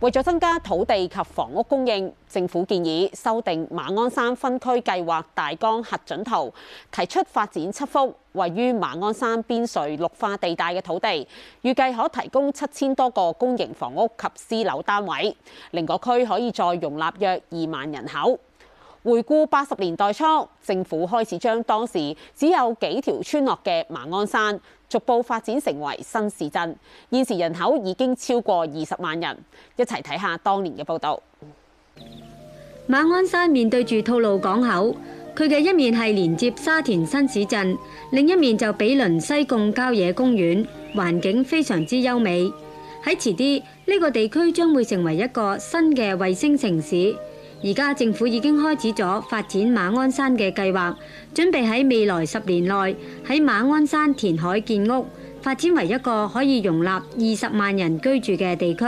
為咗增加土地及房屋供應，政府建議修訂馬鞍山分區計劃大綱核准圖，提出發展七幅位於馬鞍山邊陲綠化地帶嘅土地，預計可提供七千多個公營房屋及私樓單位，令嗰區可以再容納約二萬人口。回顧八十年代初，政府開始將當時只有幾條村落嘅馬鞍山逐步發展成為新市鎮。現時人口已經超過二十萬人。一齊睇下當年嘅報道。馬鞍山面對住吐露港口，佢嘅一面係連接沙田新市鎮，另一面就毗鄰西貢郊野公園，環境非常之優美。喺遲啲呢個地區將會成為一個新嘅衛星城市。而家政府已經開始咗發展馬鞍山嘅計劃，準備喺未來十年內喺馬鞍山填海建屋，發展為一個可以容納二十萬人居住嘅地區。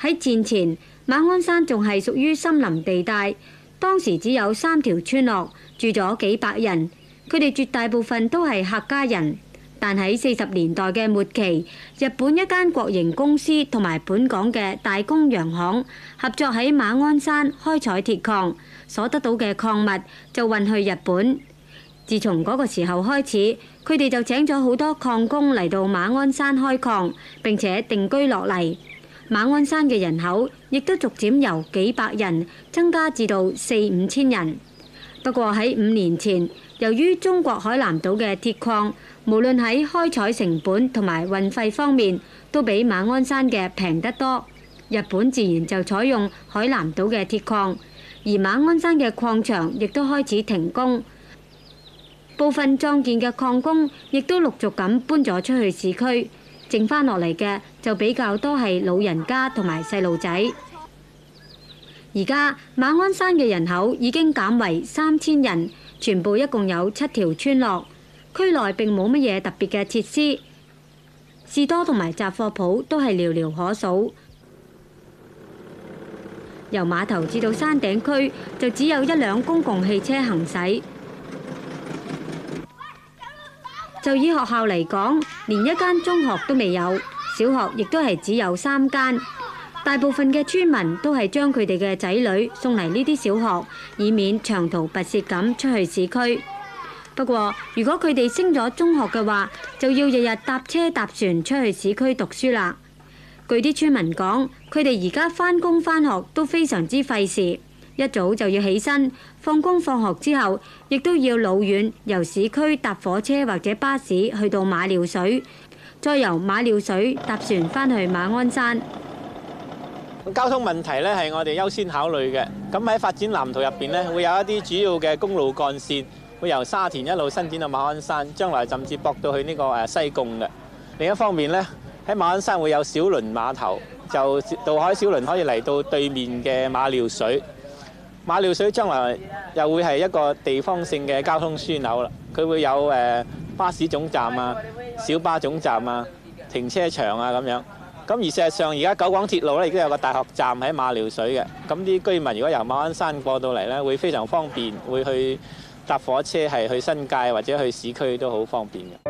喺戰前，前，馬鞍山仲係屬於森林地帶，當時只有三條村落，住咗幾百人，佢哋絕大部分都係客家人。但喺四十年代嘅末期，日本一間國營公司同埋本港嘅大公洋行合作喺馬鞍山開採鐵礦，所得到嘅礦物就運去日本。自從嗰個時候開始，佢哋就請咗好多礦工嚟到馬鞍山開礦，並且定居落嚟。馬鞍山嘅人口亦都逐漸由幾百人增加至到四五千人。不過喺五年前，由於中國海南島嘅鐵礦，無論喺開採成本同埋運費方面，都比馬鞍山嘅平得多。日本自然就採用海南島嘅鐵礦，而馬鞍山嘅礦場亦都開始停工，部分壯健嘅礦工亦都陸續咁搬咗出去市區，剩返落嚟嘅就比較多係老人家同埋細路仔。而家馬鞍山嘅人口已經減為三千人，全部一共有七條村落。區內並冇乜嘢特別嘅設施，士多同埋雜貨鋪都係寥寥可數。由碼頭至到山頂區，就只有一輛公共汽車行駛。就以學校嚟講，連一間中學都未有，小學亦都係只有三間。大部分嘅村民都係將佢哋嘅仔女送嚟呢啲小學，以免長途跋涉，噉出去市區。不過如果佢哋升咗中學嘅話，就要日日搭車搭船出去市區讀書啦。據啲村民講，佢哋而家返工返學都非常之費事，一早就要起身，放工放學之後亦都要老遠由市區搭火車或者巴士去到馬料水，再由馬料水搭船返去馬鞍山。交通問題咧係我哋優先考慮嘅。咁喺發展藍圖入邊咧，會有一啲主要嘅公路幹線，會由沙田一路伸展到馬鞍山，將來甚至駁到去呢個誒西貢嘅。另一方面咧，喺馬鞍山會有小輪碼頭，就渡海小輪可以嚟到對面嘅馬料水。馬料水將來又會係一個地方性嘅交通樞紐啦。佢會有誒巴士總站啊、小巴總站啊、停車場啊咁樣。咁而事實上，而家九廣鐵路咧已經有個大學站喺馬料水嘅。咁啲居民如果由馬鞍山過到嚟咧，會非常方便，會去搭火車係去新界或者去市區都好方便嘅。